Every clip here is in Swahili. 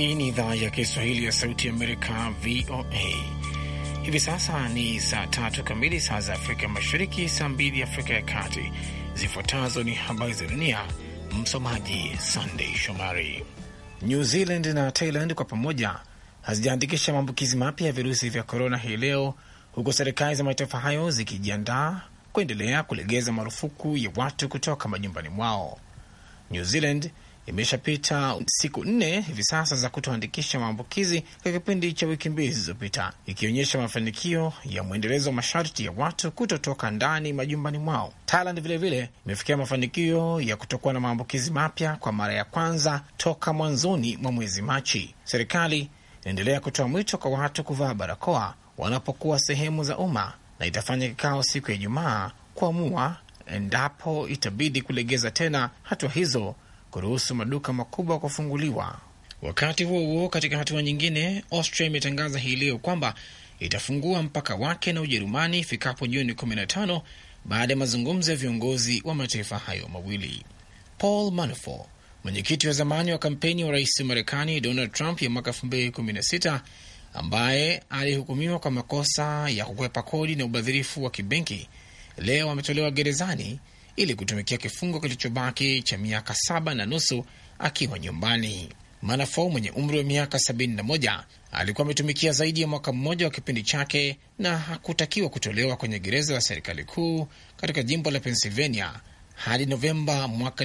Hii ni idhaa ya Kiswahili ya Sauti ya Amerika, VOA. Hivi sasa ni saa tatu kamili, saa za Afrika Mashariki, saa mbili Afrika ya Kati. Zifuatazo ni habari za dunia, msomaji Sandei Shomari. New Zealand na Thailand kwa pamoja hazijaandikisha maambukizi mapya ya virusi vya korona hii leo, huku serikali za mataifa hayo zikijiandaa kuendelea kulegeza marufuku ya watu kutoka majumbani mwao. New Zealand imeshapita siku nne hivi sasa za kutoandikisha maambukizi kwa kipindi cha wiki mbili zilizopita, ikionyesha mafanikio ya mwendelezo wa masharti ya watu kutotoka ndani majumbani mwao. Thailand vilevile imefikia mafanikio ya kutokuwa na maambukizi mapya kwa mara ya kwanza toka mwanzoni mwa mwezi Machi. Serikali inaendelea kutoa mwito kwa watu kuvaa barakoa wanapokuwa sehemu za umma na itafanya kikao siku ya Ijumaa kuamua endapo itabidi kulegeza tena hatua hizo kuruhusu maduka makubwa kufunguliwa. Wakati huo huo, katika hatua nyingine, Austria imetangaza hii leo kwamba itafungua mpaka wake na Ujerumani ifikapo Juni 15 baada ya mazungumzo ya viongozi wa mataifa hayo mawili. Paul Manafort, mwenyekiti wa zamani wa kampeni wa rais wa Marekani Donald Trump ya mwaka 2016 ambaye alihukumiwa kwa makosa ya kukwepa kodi na ubadhirifu wa kibenki, leo ametolewa gerezani ili kutumikia kifungo kilichobaki cha miaka saba na nusu akiwa nyumbani. manafo mwenye umri wa miaka moja alikuwa ametumikia zaidi ya mwaka mmoja wa kipindi chake na hakutakiwa kutolewa kwenye gereza la serikali kuu katika jimbo la Pennsylvania hadi Novemba mwaka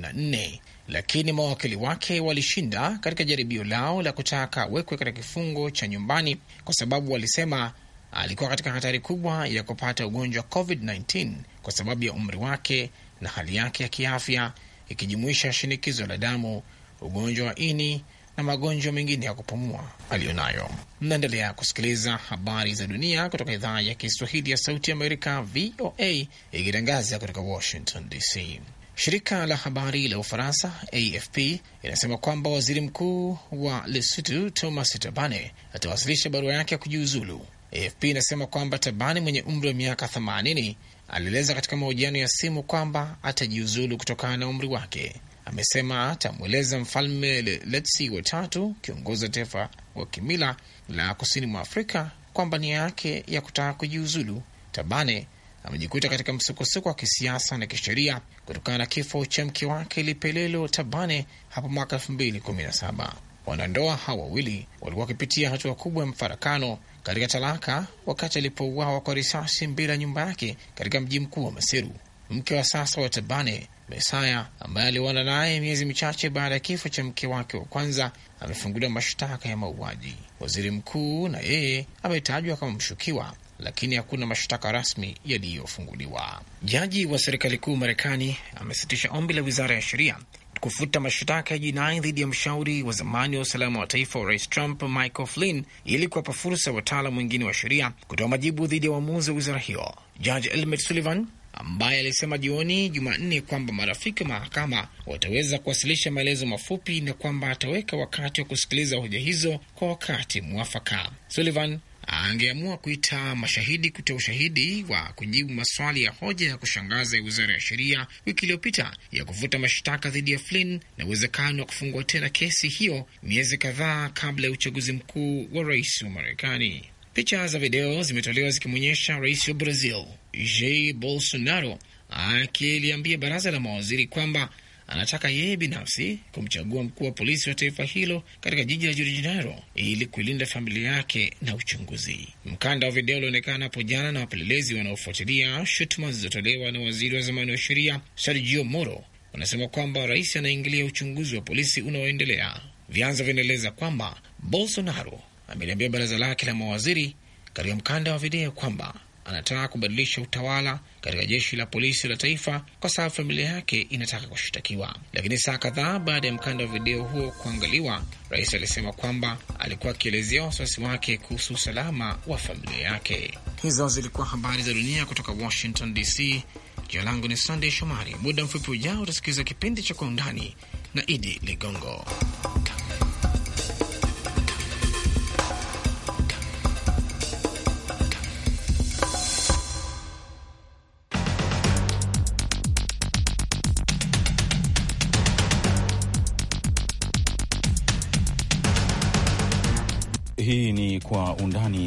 na nne, lakini mawakili wake walishinda katika jaribio lao la kutaka awekwe katika kifungo cha nyumbani kwa sababu walisema alikuwa katika hatari kubwa ya kupata ugonjwa wa COVID-19 kwa sababu ya umri wake na hali yake ya kiafya, ikijumuisha shinikizo la damu, ugonjwa wa ini na magonjwa mengine ya kupumua aliyonayo. Mnaendelea kusikiliza habari za dunia kutoka idhaa ya Kiswahili ya Sauti ya Amerika, VOA, ikitangaza kutoka Washington DC. Shirika la habari la Ufaransa AFP inasema kwamba waziri mkuu wa Lesotho Thomas Tabane atawasilisha barua yake ya kujiuzulu AFP inasema kwamba Tabani mwenye umri wa miaka 80 alieleza katika mahojiano ya simu kwamba atajiuzulu kutokana na umri wake. Amesema atamweleza mfalme Letsi watatu, kiongozi wa taifa wa kimila la kusini mwa Afrika, kwamba nia yake ya kutaka kujiuzulu. Tabane amejikuta katika msukosuko wa kisiasa na kisheria kutokana na kifo cha mke wake Lipelelo Tabane hapo mwaka 217 Wanandoa hawa wawili walikuwa wakipitia hatua kubwa ya mfarakano katika talaka wakati alipouawa kwa risasi mbele ya nyumba yake katika mji mkuu wa Maseru. Mke wa sasa wa Tabane, Mesaya, ambaye aliwana naye miezi michache baada ya kifo cha mke wake wa kwanza, amefunguliwa mashtaka ya mauaji. Waziri mkuu na yeye ametajwa kama mshukiwa, lakini hakuna mashtaka rasmi yaliyofunguliwa. Jaji wa serikali kuu Marekani amesitisha ombi la wizara ya sheria kufuta mashtaka ya jinai dhidi ya mshauri wa zamani wa usalama wa taifa wa rais Trump, Michael Flynn, ili kuwapa fursa ya wataalam wengine wa sheria kutoa majibu dhidi ya uamuzi wa wizara hiyo. Jaji elmet Sullivan ambaye alisema jioni Jumanne kwamba marafiki wa mahakama wataweza kuwasilisha maelezo mafupi na kwamba ataweka wakati wa kusikiliza hoja hizo kwa wakati mwafaka. Sullivan angeamua kuita mashahidi kutoa ushahidi wa kujibu maswali ya hoja ya kushangaza ya wizara ya sheria wiki iliyopita ya kuvuta mashtaka dhidi ya Flynn na uwezekano wa kufungua tena kesi hiyo miezi kadhaa kabla ya uchaguzi mkuu wa rais wa Marekani. Picha za video zimetolewa zikimwonyesha rais wa Brazil Jair Bolsonaro akiliambia baraza la mawaziri kwamba anataka yeye binafsi kumchagua mkuu wa polisi wa taifa hilo katika jiji la Jirijiaro ili kuilinda familia yake na uchunguzi. Mkanda wa video ulioonekana hapo jana na wapelelezi wanaofuatilia shutuma zilizotolewa na waziri wa zamani wa sheria Sergio Moro wanasema kwamba rais anaingilia uchunguzi wa polisi unaoendelea. Vyanzo vinaeleza kwamba Bolsonaro ameliambia baraza lake la mawaziri katika mkanda wa video kwamba anataka kubadilisha utawala katika jeshi la polisi la taifa kwa sababu familia yake inataka kushitakiwa Lakini saa kadhaa baada ya mkanda wa video huo kuangaliwa, rais alisema kwamba alikuwa akielezea wasiwasi wake kuhusu usalama wa familia yake. Hizo zilikuwa habari za dunia kutoka Washington DC. Jina langu ni Sandey Shomari. Muda mfupi ujao utasikiliza kipindi cha Kwa Undani na Idi Ligongo.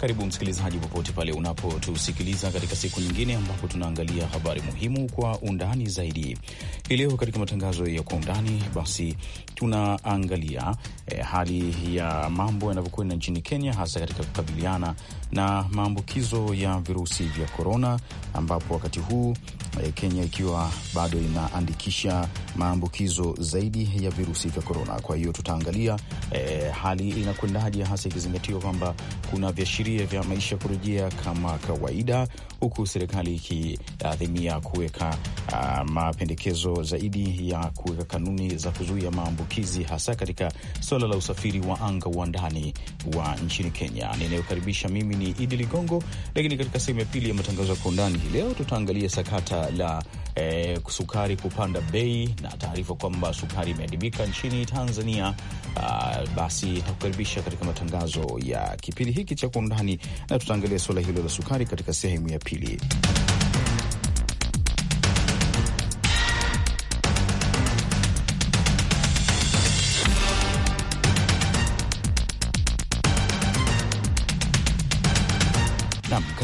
Karibu msikilizaji, popote pale unapotusikiliza katika siku nyingine ambapo tunaangalia habari muhimu kwa undani zaidi. Hii leo katika matangazo ya kwa undani, basi tunaangalia eh, hali ya mambo yanavyokwenda nchini Kenya, hasa katika kukabiliana na maambukizo ya virusi vya korona, ambapo wakati huu eh, Kenya ikiwa bado inaandikisha maambukizo zaidi ya virusi vya korona. Kwa hiyo tutaangalia eh, hali inakwendaje, hasa ikizingatiwa kwamba kuna viashiria viashiria vya maisha kurejea kama kawaida, huku serikali ikiadhimia kuweka uh, mapendekezo zaidi ya kuweka kanuni za kuzuia maambukizi, hasa katika suala la usafiri wa anga wa ndani wa nchini Kenya. Ninayokaribisha mimi ni Idi Ligongo, lakini katika sehemu ya pili ya matangazo ya kwa undani hii leo tutaangalia sakata la eh, sukari kupanda bei na taarifa kwamba sukari imeadibika nchini Tanzania. Uh, basi nakukaribisha katika matangazo ya kipindi hiki cha kwa undani burudani, na tutaangalia suala hilo la sukari katika sehemu ya pili.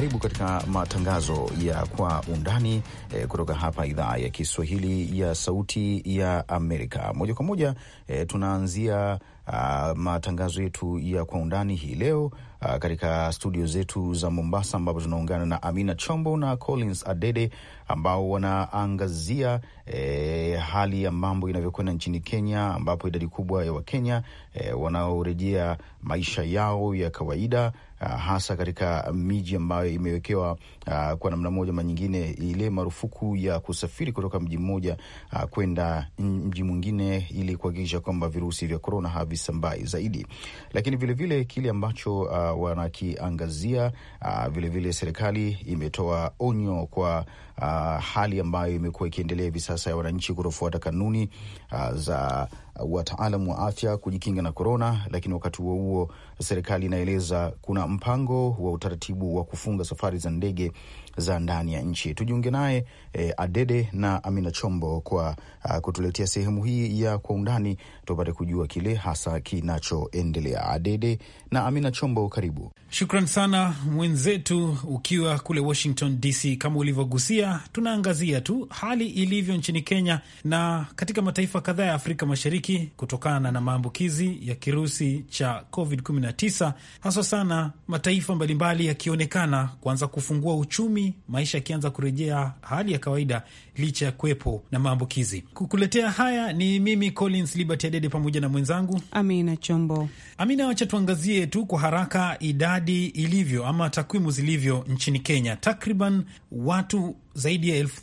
Karibu katika matangazo ya Kwa Undani e, kutoka hapa idhaa ya Kiswahili ya Sauti ya Amerika. Moja kwa moja e, tunaanzia a, ah, matangazo yetu ya Kwa Undani hii leo a, ah, katika studio zetu za Mombasa, ambapo tunaungana na Amina Chombo na Collins Adede ambao wanaangazia e, hali ya mambo inavyokwenda nchini Kenya, ambapo idadi kubwa ya Wakenya e, wanaorejea maisha yao ya kawaida Ah, hasa katika miji ambayo imewekewa uh, kwa namna moja ama nyingine ile marufuku ya kusafiri kutoka mji mmoja uh, kwenda mji mwingine ili kuhakikisha kwamba virusi vya korona havisambai zaidi. Lakini vilevile kile ambacho uh, wanakiangazia uh, vilevile serikali imetoa onyo kwa uh, hali ambayo imekuwa ikiendelea hivi sasa ya wananchi kutofuata kanuni uh, za wataalamu wa afya kujikinga na korona. Lakini wakati huo huo, serikali inaeleza kuna mpango wa utaratibu wa kufunga safari za ndege za ndani ya nchi. Tujiunge naye eh, Adede na Amina Chombo kwa uh, kutuletea sehemu hii ya kwa undani, tupate kujua kile hasa kinachoendelea. Adede na Amina Chombo, karibu. Shukran sana mwenzetu, ukiwa kule Washington DC. Kama ulivyogusia, tunaangazia tu hali ilivyo nchini Kenya na katika mataifa kadhaa ya Afrika Mashariki kutokana na maambukizi ya kirusi cha COVID-19, haswa sana mataifa mbalimbali yakionekana kuanza kufungua uchumi, maisha yakianza kurejea hali ya kawaida licha ya kuwepo na maambukizi. Kukuletea haya ni mimi Collins Liberty Adede pamoja na mwenzangu Amina Chombo. Amina, wacha tuangazie tu kwa haraka idadi ilivyo ama takwimu zilivyo nchini Kenya. Takriban watu zaidi ya elfu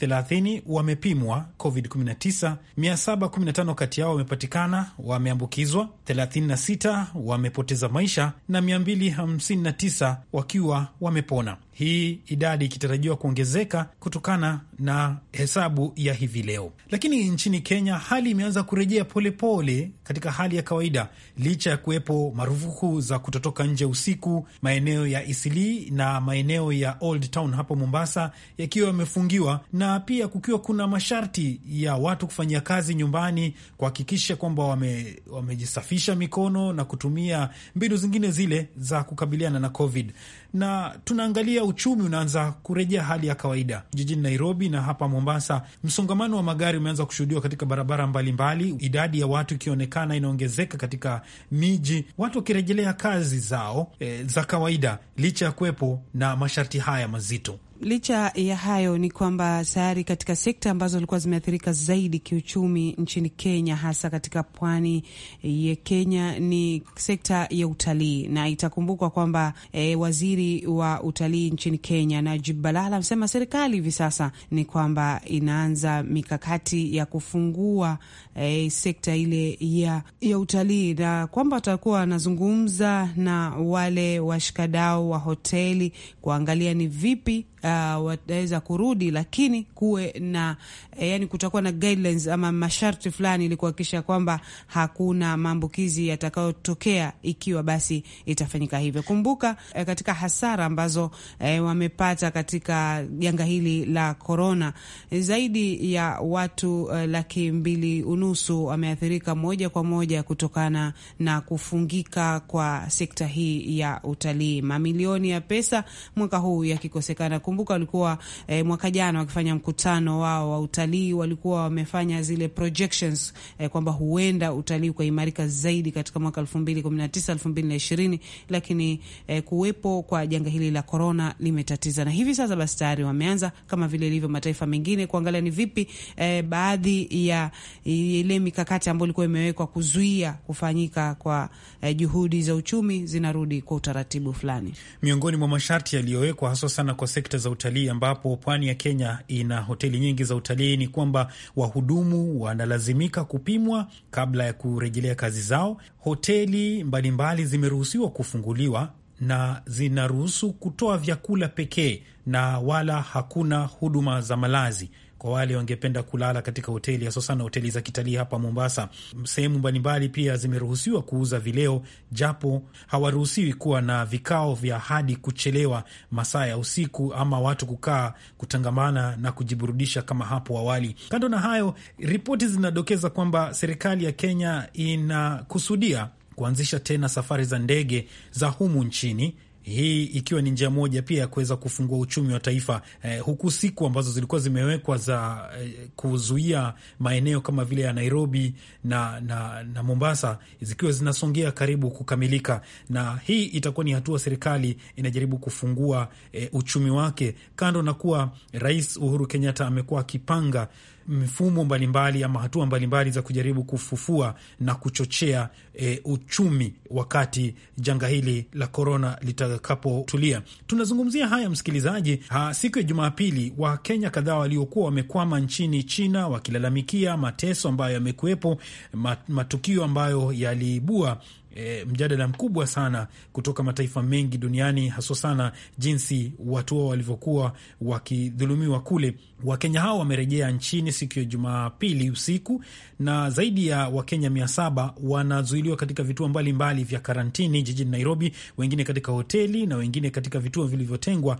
wamepimwa COVID-19, 715 kati yao wamepatikana wameambukizwa, 36 wamepoteza maisha na 259 wakiwa wamepona, hii idadi ikitarajiwa kuongezeka kutokana na hesabu ya hivi leo. Lakini nchini Kenya hali imeanza kurejea polepole katika hali ya kawaida, licha ya kuwepo marufuku za kutotoka nje usiku, maeneo ya Isilii na maeneo ya Old Town hapo Mombasa yakiwa kufungiwa na pia kukiwa kuna masharti ya watu kufanyia kazi nyumbani, kuhakikisha kwamba wame, wamejisafisha mikono na kutumia mbinu zingine zile za kukabiliana na COVID, na tunaangalia uchumi unaanza kurejea hali ya kawaida jijini Nairobi na hapa Mombasa. Msongamano wa magari umeanza kushuhudiwa katika barabara mbalimbali mbali, idadi ya watu ikionekana inaongezeka katika miji, watu wakirejelea kazi zao e, za kawaida licha ya kuwepo na masharti haya mazito licha ya hayo ni kwamba tayari katika sekta ambazo zilikuwa zimeathirika zaidi kiuchumi nchini Kenya, hasa katika pwani eh, ya Kenya ni sekta ya utalii, na itakumbukwa kwamba e, waziri wa utalii nchini Kenya Najib Balala amesema serikali hivi sasa ni kwamba inaanza mikakati ya kufungua e, sekta ile ya, ya utalii na kwamba watakuwa wanazungumza na wale washikadau wa hoteli kuangalia ni vipi uh, uh, wataweza kurudi, lakini kuwe na eh, yani kutakuwa na guidelines ama masharti fulani ili kuhakikisha kwamba hakuna maambukizi yatakayotokea ikiwa basi itafanyika hivyo. Kumbuka eh, katika hasara ambazo eh, wamepata katika janga hili la korona, eh, zaidi ya watu eh, laki mbili unusu wameathirika moja kwa moja kutokana na kufungika kwa sekta hii ya utalii. Mamilioni ya pesa mwaka huu yakikosekana. Kumbuka Nakumbuka walikuwa eh, mwaka jana wakifanya mkutano wao wa utalii, walikuwa wamefanya zile projections eh, kwamba huenda utalii ukaimarika zaidi katika mwaka 2019 2020, lakini eh, kuwepo kwa janga hili la corona limetatiza, na hivi sasa basi tayari wameanza kama vile ilivyo mataifa mengine kuangalia ni vipi eh, baadhi ya ile mikakati ambayo ilikuwa imewekwa kuzuia kufanyika kwa eh, juhudi za uchumi zinarudi kwa utaratibu fulani, miongoni mwa masharti yaliyowekwa haswa sana kwa sekta za za utalii ambapo pwani ya Kenya ina hoteli nyingi za utalii ni kwamba wahudumu wanalazimika kupimwa kabla ya kurejelea kazi zao. Hoteli mbalimbali zimeruhusiwa kufunguliwa na zinaruhusu kutoa vyakula pekee na wala hakuna huduma za malazi kwa wale wangependa kulala katika hoteli hasosana hoteli za kitalii hapa Mombasa. Sehemu mbalimbali pia zimeruhusiwa kuuza vileo, japo hawaruhusiwi kuwa na vikao vya hadi kuchelewa masaa ya usiku ama watu kukaa kutangamana na kujiburudisha kama hapo awali. Kando na hayo, ripoti zinadokeza kwamba serikali ya Kenya inakusudia kuanzisha tena safari za ndege za humu nchini hii ikiwa ni njia moja pia ya kuweza kufungua uchumi wa taifa eh, huku siku ambazo zilikuwa zimewekwa za eh, kuzuia maeneo kama vile ya Nairobi na, na, na Mombasa zikiwa zinasongea karibu kukamilika, na hii itakuwa ni hatua serikali inajaribu kufungua eh, uchumi wake, kando na kuwa Rais Uhuru Kenyatta amekuwa akipanga mifumo mbalimbali ama hatua mbalimbali za kujaribu kufufua na kuchochea e, uchumi wakati janga hili la korona litakapotulia. Tunazungumzia haya msikilizaji, ha, siku ya Jumapili Wakenya kadhaa waliokuwa wamekwama nchini China wakilalamikia mateso ambayo yamekuwepo, matukio ambayo yaliibua e, mjadala mkubwa sana kutoka mataifa mengi duniani, haswa sana jinsi watu wao walivyokuwa wakidhulumiwa kule. Wakenya hao wamerejea nchini siku ya Jumapili usiku na zaidi ya Wakenya mia saba wanazuiliwa katika vituo mbalimbali mbali vya karantini jijini Nairobi, wengine katika hoteli na wengine katika vituo vilivyotengwa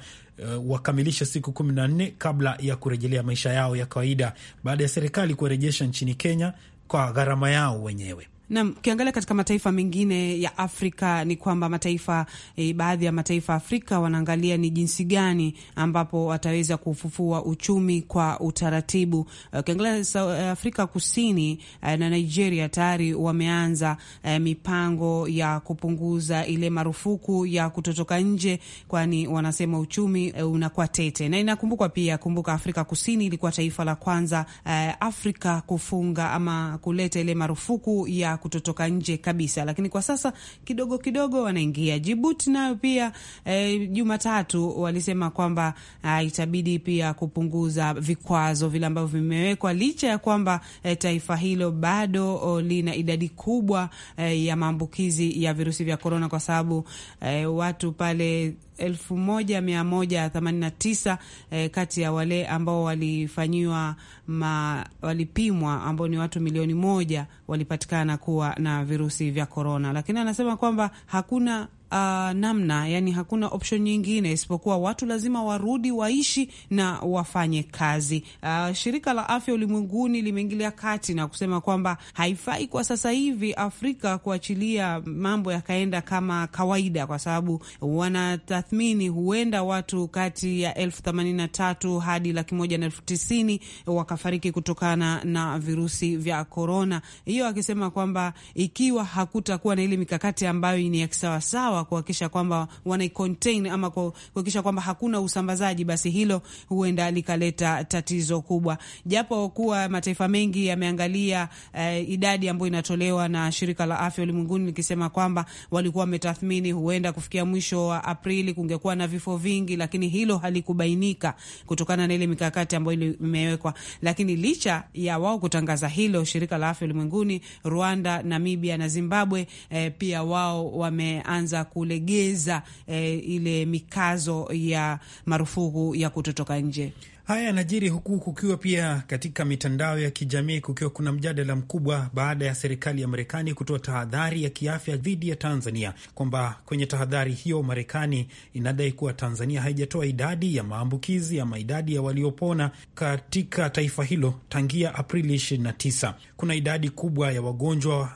uh, wakamilisha siku kumi na nne kabla ya kurejelea maisha yao ya kawaida baada ya serikali kuwarejesha nchini Kenya kwa gharama yao wenyewe. Nam, ukiangalia katika mataifa mengine ya Afrika ni kwamba mataifa e, baadhi ya mataifa Afrika wanaangalia ni jinsi gani ambapo wataweza kufufua uchumi kwa utaratibu. Ukiangalia Afrika Kusini e, na Nigeria tayari wameanza e, mipango ya kupunguza ile marufuku ya kutotoka nje, kwani wanasema uchumi e, unakuwa tete, na inakumbukwa pia, kumbuka Afrika Kusini ilikuwa taifa la kwanza e, Afrika kufunga ama kuleta ile marufuku ya kutotoka nje kabisa, lakini kwa sasa kidogo kidogo wanaingia. Jibuti nayo pia eh, Jumatatu walisema kwamba ah, itabidi pia kupunguza vikwazo vile ambavyo vimewekwa licha ya kwamba e, taifa hilo bado oh, lina idadi kubwa e, ya maambukizi ya virusi vya korona kwa sababu e, watu pale 1189 eh, kati ya wale ambao walifanyiwa ma, walipimwa ambao ni watu milioni moja walipatikana kuwa na virusi vya korona, lakini anasema kwamba hakuna uh, namna, yani hakuna option nyingine isipokuwa watu lazima warudi waishi na wafanye kazi. Uh, shirika la afya ulimwenguni limeingilia kati na kusema kwamba haifai kwa sasa hivi Afrika kuachilia mambo yakaenda kama kawaida, kwa sababu wanatathmini huenda watu kati ya elfu themanini na tatu hadi laki moja na elfu tisini wakafariki kutokana na virusi vya korona, hiyo akisema kwamba ikiwa hakutakuwa na ile mikakati ambayo ni ya kisawasawa sawa kuhakikisha kwamba wanaicontain ama kuhakikisha kwamba hakuna usambazaji, basi hilo huenda likaleta tatizo kubwa, japo kuwa mataifa mengi yameangalia eh, idadi ambayo inatolewa na shirika la afya ulimwenguni likisema kwamba walikuwa wametathmini huenda kufikia mwisho wa Aprili kungekuwa na vifo vingi, lakini hilo halikubainika kutokana na ile mikakati ambayo imewekwa. Lakini licha ya wao kutangaza hilo, shirika la afya ulimwenguni, Rwanda, Namibia na Zimbabwe eh, pia wao wameanza kulegeza eh, ile mikazo ya marufuku ya kutotoka nje. Haya yanajiri huku kukiwa pia katika mitandao ya kijamii kukiwa kuna mjadala mkubwa baada ya serikali ya Marekani kutoa tahadhari ya kiafya dhidi ya Tanzania, kwamba kwenye tahadhari hiyo Marekani inadai kuwa Tanzania haijatoa idadi ya maambukizi ama idadi ya waliopona katika taifa hilo tangia Aprili 29. Kuna idadi kubwa ya wagonjwa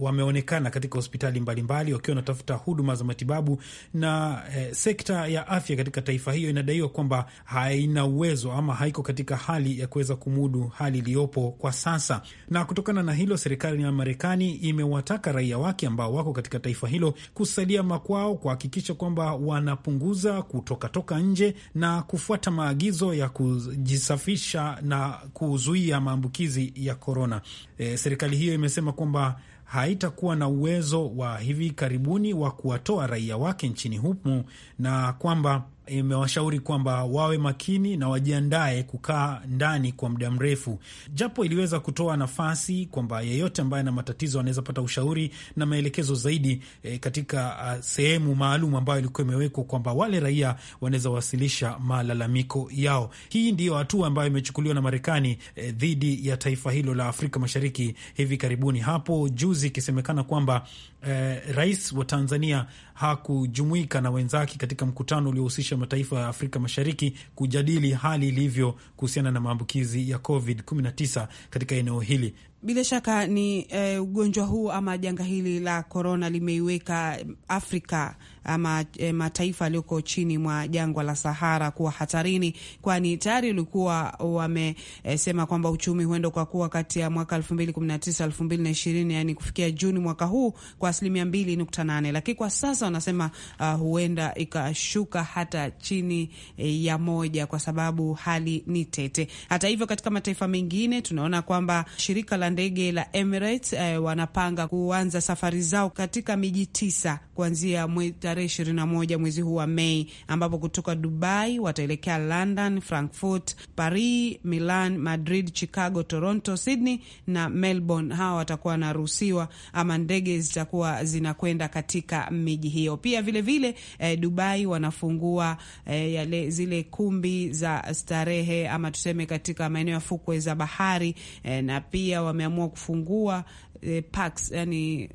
wameonekana katika hospitali mbalimbali wakiwa wanatafuta huduma za matibabu na eh, sekta ya afya katika taifa hiyo inadaiwa kwamba haina uwezo uwezo ama haiko katika hali ya kuweza kumudu hali iliyopo kwa sasa. Na kutokana na hilo, serikali ya Marekani imewataka raia wake ambao wako katika taifa hilo kusalia makwao, kuhakikisha kwamba wanapunguza kutokatoka nje na kufuata maagizo ya kujisafisha na kuzuia maambukizi ya korona. E, serikali hiyo imesema kwamba haitakuwa na uwezo wa hivi karibuni wa kuwatoa raia wake nchini humo na kwamba imewashauri kwamba wawe makini na wajiandae kukaa ndani kwa muda mrefu, japo iliweza kutoa nafasi kwamba yeyote ambaye ana matatizo anaweza pata ushauri na maelekezo zaidi e, katika a, sehemu maalum ambayo ilikuwa imewekwa kwamba wale raia wanaweza wasilisha malalamiko yao. Hii ndiyo hatua ambayo imechukuliwa na Marekani e, dhidi ya taifa hilo la Afrika Mashariki hivi karibuni, hapo juzi ikisemekana kwamba e, rais wa Tanzania hakujumuika na wenzake katika mkutano uliohusisha mataifa ya Afrika Mashariki kujadili hali ilivyo kuhusiana na maambukizi ya COVID-19 katika eneo hili. Bila shaka ni eh, ugonjwa huu ama janga hili la korona limeiweka Afrika ama e, mataifa yaliyoko chini mwa jangwa la Sahara kuwa hatarini, kwani tayari ulikuwa wamesema e, kwamba uchumi huenda kwa kuwa kati ya mwaka 2019 2020, yani kufikia Juni mwaka huu kwa asilimia 2.8, lakini kwa sasa wanasema uh, huenda ikashuka hata chini e, ya moja kwa sababu hali ni tete. Hata hivyo, katika mataifa mengine tunaona kwamba shirika la ndege la Emirates e, wanapanga kuanza safari zao katika miji tisa kuanzia mwezi tarehe moja mwezi huu wa Mei, ambapo kutoka Dubai wataelekea London, Frankfurt, Paris, Milan, Madrid, Chicago, Toronto, Sydney na Melbourne. Hawa watakuwa wanaruhusiwa ama ndege zitakuwa zinakwenda katika miji hiyo. Pia vilevile vile, eh, Dubai wanafungua eh, yale zile kumbi za starehe ama tuseme katika maeneo ya fukwe za bahari eh, na pia wameamua kufungua eh, parks, yani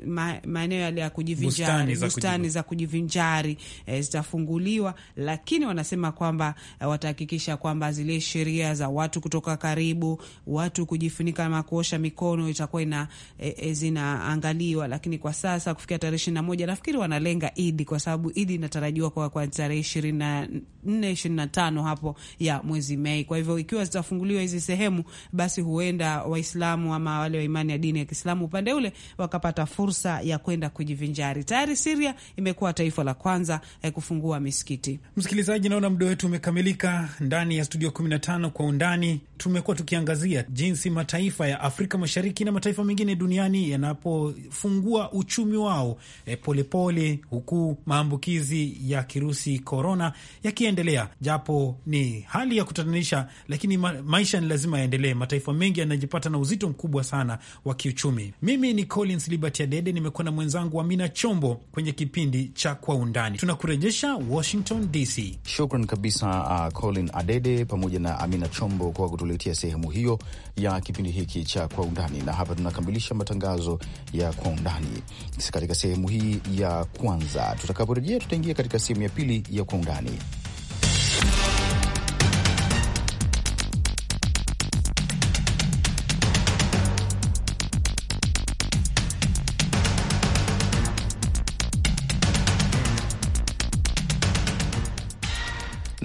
maeneo yale ya kujivinjari, bustani za kujivinjari eh, zitafunguliwa, lakini wanasema kwamba eh, watahakikisha kwamba zile sheria za watu kutoka karibu, watu kujifunika na kuosha mikono itakuwa ina eh, eh, zinaangaliwa. Lakini kwa sasa kufikia tarehe ishirini na moja nafikiri wanalenga Idi kwa sababu Idi inatarajiwa kwa, kwa tarehe ishirini na nne ishirini na tano hapo ya mwezi Mei. Kwa hivyo ikiwa zitafunguliwa hizi sehemu, basi huenda Waislamu ama wale wa imani ya dini ya Kiislamu upande ule wakapata fursa ya kwenda kujivinjari. Tayari Siria imekuwa taifa la kwanza eh, kufungua misikiti. Msikilizaji, naona muda wetu umekamilika ndani ya studio 15 kwa undani tumekuwa tukiangazia jinsi mataifa ya Afrika Mashariki na mataifa mengine duniani yanapofungua uchumi wao e, polepole e, pole, huku maambukizi ya kirusi korona yakiendelea, japo ni hali ya kutatanisha, lakini ma maisha ni lazima yaendelee. Mataifa mengi yanajipata na uzito mkubwa sana wa kiuchumi. Mimi ni Collins Liberty Adede, nimekuwa na mwenzangu Amina Chombo kwenye kipindi cha Kwa Undani. Tunakurejesha Washington DC. Shukran kabisa, uh, Colin Adede pamoja na Amina Chombo kwa kutu kutuletea sehemu hiyo ya kipindi hiki cha Kwa Undani, na hapa tunakamilisha matangazo ya Kwa Undani katika sehemu hii ya kwanza. Tutakaporejea, tutaingia katika sehemu ya pili ya Kwa Undani.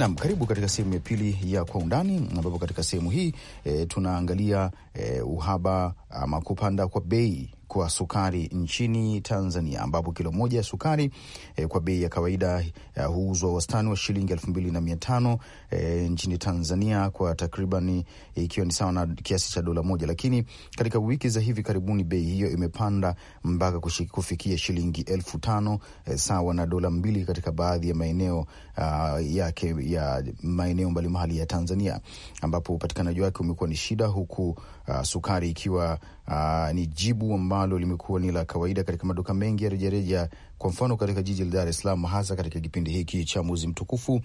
Nam, karibu katika sehemu ya pili ya kwa undani, ambapo katika sehemu hii e, tunaangalia e, uhaba ama kupanda kwa bei kwa sukari nchini Tanzania, ambapo kilo moja ya sukari eh, kwa bei ya kawaida eh, huuzwa wastani wa shilingi elfu mbili na mia tano eh, nchini Tanzania kwa takriban eh, ikiwa eh, ni sawa na kiasi cha dola moja, lakini katika wiki za hivi karibuni bei hiyo imepanda mpaka kufikia shilingi elfu tano eh, sawa na dola mbili katika baadhi ya maeneo uh, yake ya maeneo mbalimbali ya Tanzania ambapo upatikanaji wake umekuwa ni shida huku uh, sukari ikiwa uh, ni jibu ambalo limekuwa ni la kawaida katika maduka mengi ya rejareja kwa mfano katika jiji la Dar es Salaam, hasa katika kipindi hiki cha mwezi mtukufu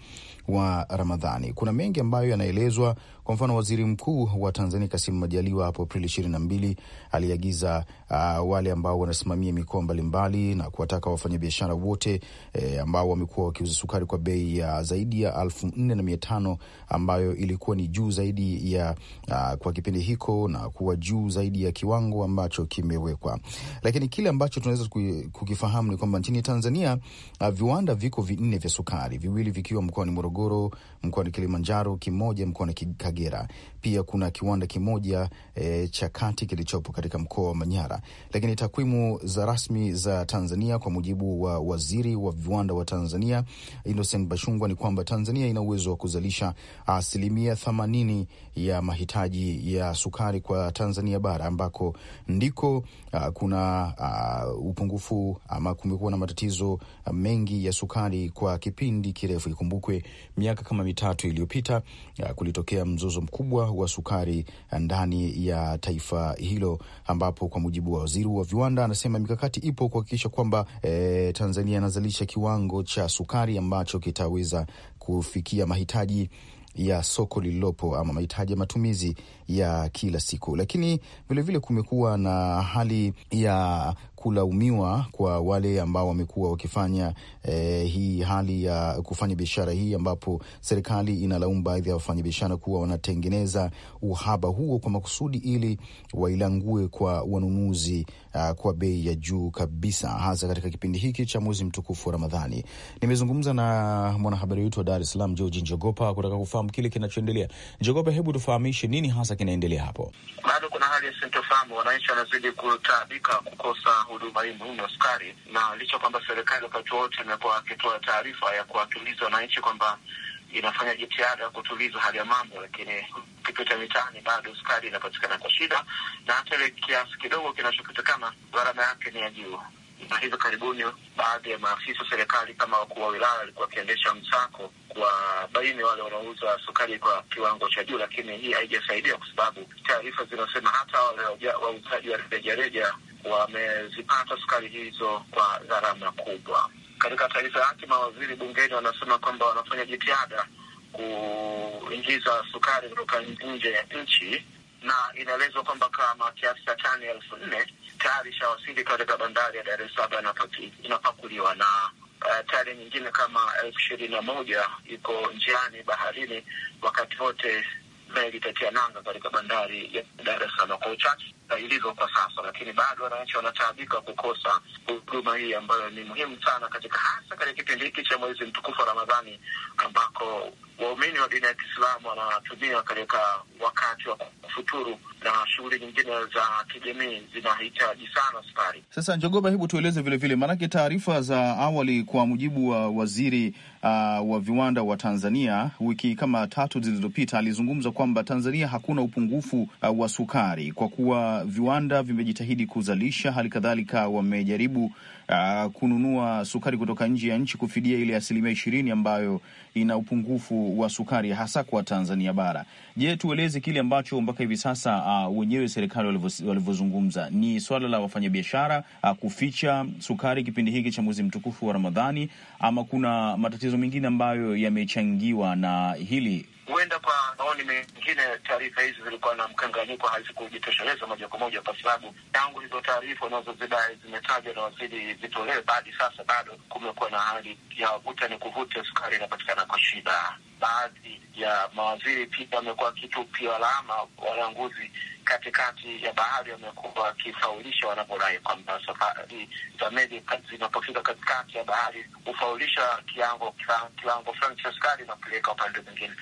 wa Ramadhani, kuna mengi ambayo yanaelezwa. Kwa mfano, waziri mkuu wa Tanzania Kassim Majaliwa hapo Aprili ishirini na mbili aliagiza uh, wale ambao wanasimamia mikoa mbalimbali na kuwataka wafanyabiashara wote eh, ambao wamekuwa wakiuza sukari kwa bei ya zaidi ya elfu nne na mia tano ambayo ilikuwa ni juu zaidi ya uh, kwa kipindi hiko na kuwa juu zaidi ya kiwango ambacho kimewekwa, lakini kile ambacho tunaweza kukifahamu ni kwamba nchini Tanzania uh, viwanda viko vinne vya sukari, viwili vikiwa mkoani Morogoro, mkoani Kilimanjaro, kimoja mkoani Kagera. Pia kuna kiwanda kimoja e, cha kati kilichopo katika mkoa wa Manyara. Lakini takwimu za rasmi za Tanzania kwa mujibu wa waziri wa viwanda wa Tanzania Innocent Bashungwa ni kwamba Tanzania ina uwezo wa kuzalisha asilimia uh, themanini ya mahitaji ya sukari kwa Tanzania bara ambako ndiko uh, kuna uh, upungufu ama kumekuwa na na matatizo uh, mengi ya sukari kwa kipindi kirefu. Ikumbukwe miaka kama mitatu iliyopita uh, kulitokea mzozo mkubwa wa sukari uh, ndani ya taifa hilo, ambapo kwa mujibu wa waziri wa viwanda anasema mikakati ipo kuhakikisha kwamba e, Tanzania inazalisha kiwango cha sukari ambacho kitaweza kufikia mahitaji ya soko lililopo ama mahitaji ya matumizi ya kila siku, lakini vilevile kumekuwa na hali ya kulaumiwa kwa wale ambao wamekuwa wakifanya eh, hii hali ya kufanya biashara hii, ambapo serikali inalaumu baadhi ya wafanyabiashara kuwa wanatengeneza uhaba huo kwa makusudi ili wailangue kwa wanunuzi uh, kwa bei ya juu kabisa, hasa katika kipindi hiki cha mwezi mtukufu wa Ramadhani. Nimezungumza na mwanahabari wetu wa Dar es Salaam George Njogopa kutaka kufahamu kile kinachoendelea. Njogopa, hebu tufahamishe nini hasa kinaendelea hapo? Bado kuna hali ya sintofahamu, wananchi wanazidi kutaabika kukosa huduma hii muhimu ya sukari, na licha kwamba serikali wakati wote imekuwa akitoa taarifa ya kuwatuliza wananchi kwamba inafanya jitihada ya kutuliza hali ya mambo, lakini ukipita mitaani bado sukari inapatikana kwa shida, na hata ile kiasi kidogo kinachopatikana gharama yake ni ya juu na hivi karibuni baadhi ya maafisa serikali kama wakuu wa wilaya walikuwa wakiendesha msako wabaini wale wanaouza sukari kwa kiwango cha juu, lakini hii haijasaidia kwa sababu taarifa zinasema hata wale wauzaji wa rejareja wamezipata sukari hizo kwa gharama kubwa. Katika taarifa yake, mawaziri bungeni wanasema kwamba wanafanya jitihada kuingiza sukari kutoka nje ya nchi na inaelezwa kwamba kama kiasi cha tani elfu nne tayari ishawasili katika bandari ya Dar es Salaam inapakuliwa na uh, tani nyingine kama elfu ishirini na moja iko njiani baharini wakati wote meli itatia nanga katika bandari ya Dar es Salaam. Kwa uchache ilivyo kwa sasa, lakini bado wananchi wanataabika kukosa huduma hii ambayo ni muhimu sana katika hasa katika kipindi hiki cha mwezi mtukufu wa Ramadhani ambako waumini wa dini ya Kiislamu wanatumia katika wakati wa kufuturu na shughuli nyingine za kijamii zinahitaji sana sukari. Sasa Njogoba, hebu tueleze vilevile, maanake taarifa za awali kwa mujibu wa waziri uh, wa viwanda wa Tanzania wiki kama tatu zilizopita alizungumza kwamba Tanzania hakuna upungufu uh, wa sukari kwa kuwa viwanda vimejitahidi kuzalisha, hali kadhalika wamejaribu uh, kununua sukari kutoka nje ya nchi kufidia ile asilimia ishirini ambayo ina upungufu wa sukari hasa kwa Tanzania bara. Je, tueleze kile ambacho mpaka hivi sasa uh, wenyewe serikali walivyozungumza. Ni swala la wafanyabiashara uh, kuficha sukari kipindi hiki cha mwezi mtukufu wa Ramadhani, ama kuna matatizo mengine ambayo yamechangiwa na hili huenda kwa maoni mengine taarifa hizi zilikuwa na mkanganyiko, hazikujitosheleza moja kwa moja, kwa sababu tangu hizo taarifa unazozidai zimetajwa na waziri zitolewe, baadi sasa bado kumekuwa na hali ya vuta ni kuvuta, sukari inapatikana kwa shida baadhi ya mawaziri pia wamekuwa wakitupia alama walanguzi katikati ya bahari, wamekuwa wakifaulisha wanapodai kwamba safari za meli zinapofika katikati ya bahari hufaulisha kiwango kiwango fulani cha sukari na kupeleka upande mwingine.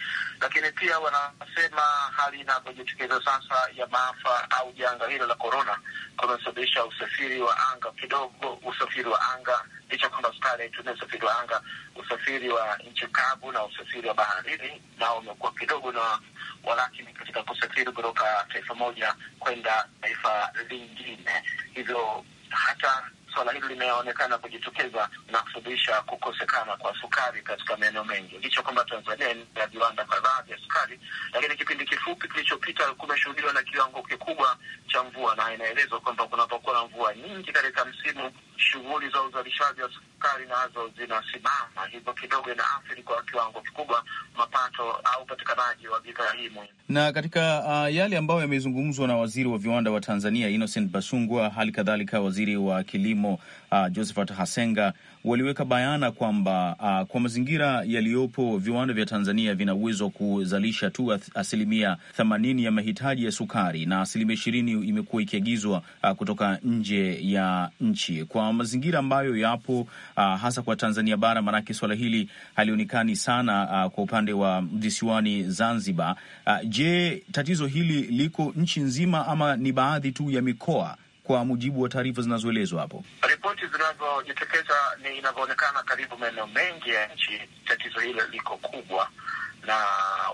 Lakini pia wanasema hali inavyojitokeza sasa ya maafa au janga hilo la korona kumesababisha usafiri wa anga kidogo, usafiri wa anga licha kwamba sukari haitumia usafiri wa anga usafiri wa nchi kavu na usafiri wa baharini nao umekuwa kidogo na walakini katika kusafiri kutoka taifa moja kwenda taifa lingine, hivyo hata suala hili limeonekana kujitokeza na kusababisha kukosekana kwa sukari katika maeneo mengi, licha kwamba Tanzania ina viwanda kadhaa vya sukari, lakini kipindi kifupi kilichopita kumeshuhudiwa na kiwango kikubwa cha mvua, na inaelezwa kwamba kunapokuwa na mvua nyingi katika msimu shughuli za uzalishaji wa sukari nazo zinasimama, hivyo kidogo inaathiri kwa kiwango kikubwa mapato au upatikanaji wa bidhaa hii muhimu. Na katika uh, yale ambayo yamezungumzwa na waziri wa viwanda wa Tanzania Innocent Basungwa, hali kadhalika waziri wa kilimo uh, Josephat Hasenga waliweka bayana kwamba uh, kwa mazingira yaliyopo viwanda vya Tanzania vina uwezo wa kuzalisha tu asilimia themanini ya mahitaji ya sukari na asilimia ishirini imekuwa ikiagizwa uh, kutoka nje ya nchi kwa mazingira ambayo yapo uh, hasa kwa Tanzania bara, maanake swala hili halionekani sana uh, kwa upande wa visiwani Zanzibar. Uh, je, tatizo hili liko nchi nzima ama ni baadhi tu ya mikoa kwa mujibu wa taarifa zinazoelezwa hapo? ripoti zinazojitokeza ni inavyoonekana, karibu maeneo mengi ya nchi tatizo hilo liko kubwa, na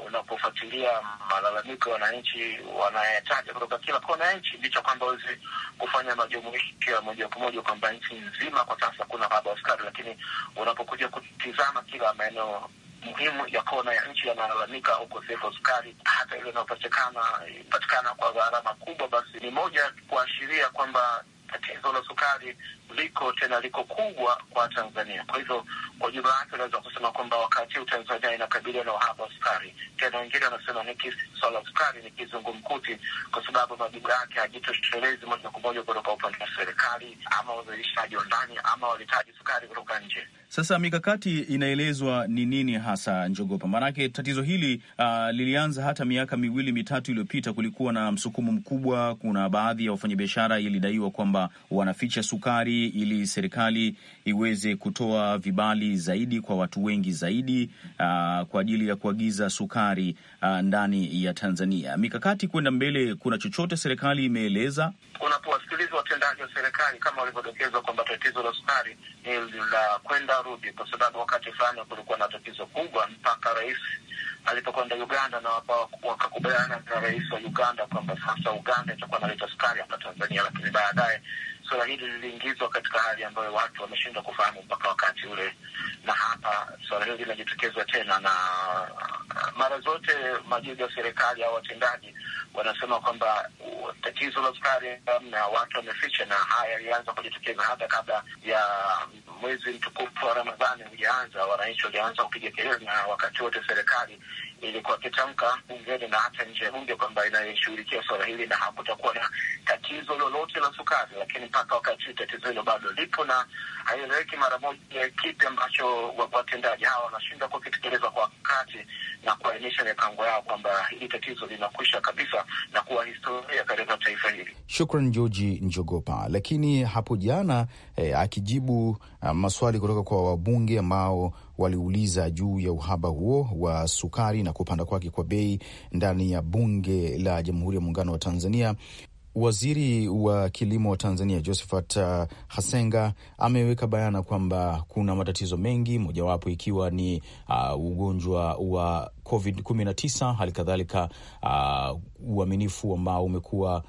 unapofuatilia malalamiko ya wananchi wanayataja kutoka kila kona ya nchi, licha kwamba wezi kufanya majumuisho ya moja kwa moja kwamba nchi nzima kwa sasa kuna baba wa askari, lakini unapokuja kutizama kila maeneo muhimu ya kona ya nchi yanalalamika ukosefu wa sukari, hata ile inayopatikana patikana kwa gharama kubwa, basi ni moja kuashiria kwamba tatizo la sukari liko tena liko kubwa kwa Tanzania. Kwa hivyo kwa jumla wake unaweza kusema kwamba wakati huu Tanzania inakabiliwa na uhaba wa sukari. Tena wengine wanasema ni swala la sukari ni kizungumkuti, kwa sababu majibu yake hajitoshelezi moja kwa moja kutoka upande wa serikali ama wazalishaji wa ndani ama walitaji sukari kutoka nje. Sasa mikakati inaelezwa ni nini hasa, Njogopa? Maanake tatizo hili uh, lilianza hata miaka miwili mitatu iliyopita. Kulikuwa na msukumo mkubwa, kuna baadhi ya wafanyabiashara ilidaiwa kwamba wanaficha sukari ili serikali iweze kutoa vibali zaidi kwa watu wengi zaidi, uh, kwa ajili ya kuagiza sukari uh, ndani ya Tanzania. Mikakati kwenda mbele, kuna chochote serikali imeeleza? Kunapowasikiliza watendaji wa serikali, kama walivyodokezwa kwamba tatizo la sukari ni la kwenda rudi, kwa sababu wakati fulani kulikuwa na tatizo kubwa mpaka rais alipokwenda Uganda na wakakubaliana na rais wa Uganda kwamba sasa Uganda itakuwa naleta sukari hapa Tanzania, lakini baadaye suala hili liliingizwa katika hali ambayo watu wameshindwa kufahamu mpaka wakati ule, na hapa suala hili linajitokeza tena, na mara zote majuzi ya serikali au watendaji wanasema kwamba uh, tatizo la sukari um, na watu wameficha, na haya yalianza kujitokeza hata kabla ya mwezi mtukufu wa Ramadhani hujaanza. Wananchi walianza kupiga kelele, na wakati wote serikali ilikuwa kitamka bungeni na hata nje ya bunge kwamba inayeshughulikia suala hili na hakutakuwa na tatizo lolote la sukari, lakini mpaka wakati huu tatizo hilo bado lipo na haieleweki mara moja kipi ambacho watendaji hawa wanashindwa kukitekeleza kwa wakati na kuainisha mipango yao kwamba hili tatizo linakwisha kabisa na kuwa historia katika taifa hili. Shukran Georgi Njogopa. Lakini hapo jana eh, akijibu eh, maswali kutoka kwa wabunge ambao waliuliza juu ya uhaba huo wa sukari na kupanda kwake kwa bei ndani ya bunge la Jamhuri ya Muungano wa Tanzania, Waziri wa kilimo wa Tanzania Josephat eh, Hasenga ameweka bayana kwamba kuna matatizo mengi, mojawapo ikiwa ni uh, ugonjwa wa COVID-19, hali kadhalika uh, uaminifu ambao umekuwa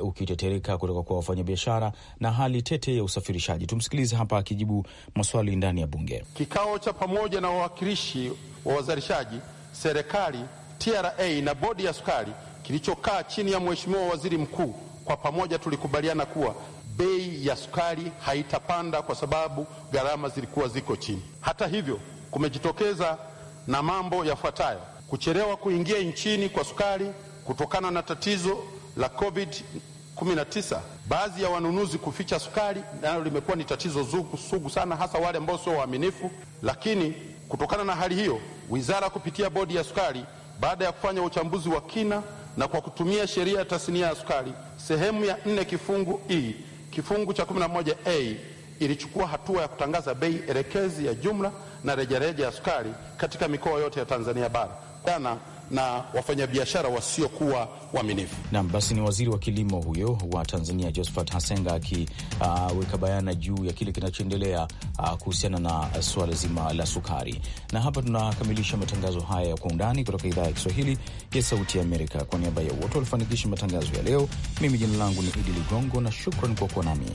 uh, ukitetereka kutoka kwa wafanyabiashara na hali tete ya usafirishaji. Tumsikilize hapa akijibu maswali ndani ya Bunge. Kikao cha pamoja na wawakilishi wa wazalishaji, serikali, TRA na bodi ya sukari kilichokaa chini ya Mheshimiwa Waziri Mkuu, kwa pamoja tulikubaliana kuwa bei ya sukari haitapanda kwa sababu gharama zilikuwa ziko chini. Hata hivyo kumejitokeza na mambo yafuatayo: kuchelewa kuingia nchini kwa sukari kutokana na tatizo la COVID-19, baadhi ya wanunuzi kuficha sukari, nalo limekuwa ni tatizo zugu, sugu sana, hasa wale ambao sio waaminifu. Lakini kutokana na hali hiyo, wizara kupitia bodi ya sukari, baada ya kufanya uchambuzi wa kina na kwa kutumia sheria ya tasnia ya sukari sehemu ya nne kifungu E kifungu cha 11a ilichukua hatua ya kutangaza bei elekezi ya jumla na rejareja ya sukari katika mikoa yote ya Tanzania bara jana na wafanyabiashara wasiokuwa waaminifu. Naam, basi ni waziri wa kilimo huyo wa Tanzania Josphat Hasenga akiweka uh, bayana juu ya kile kinachoendelea ah, kuhusiana na suala zima la sukari. Na hapa tunakamilisha matangazo haya ya kwa undani kutoka idhaa ya Kiswahili ya Sauti ya Amerika. Kwa niaba ya wote walifanikisha matangazo ya leo, mimi jina langu ni Idi Ligongo na shukran kwa kuwa nami.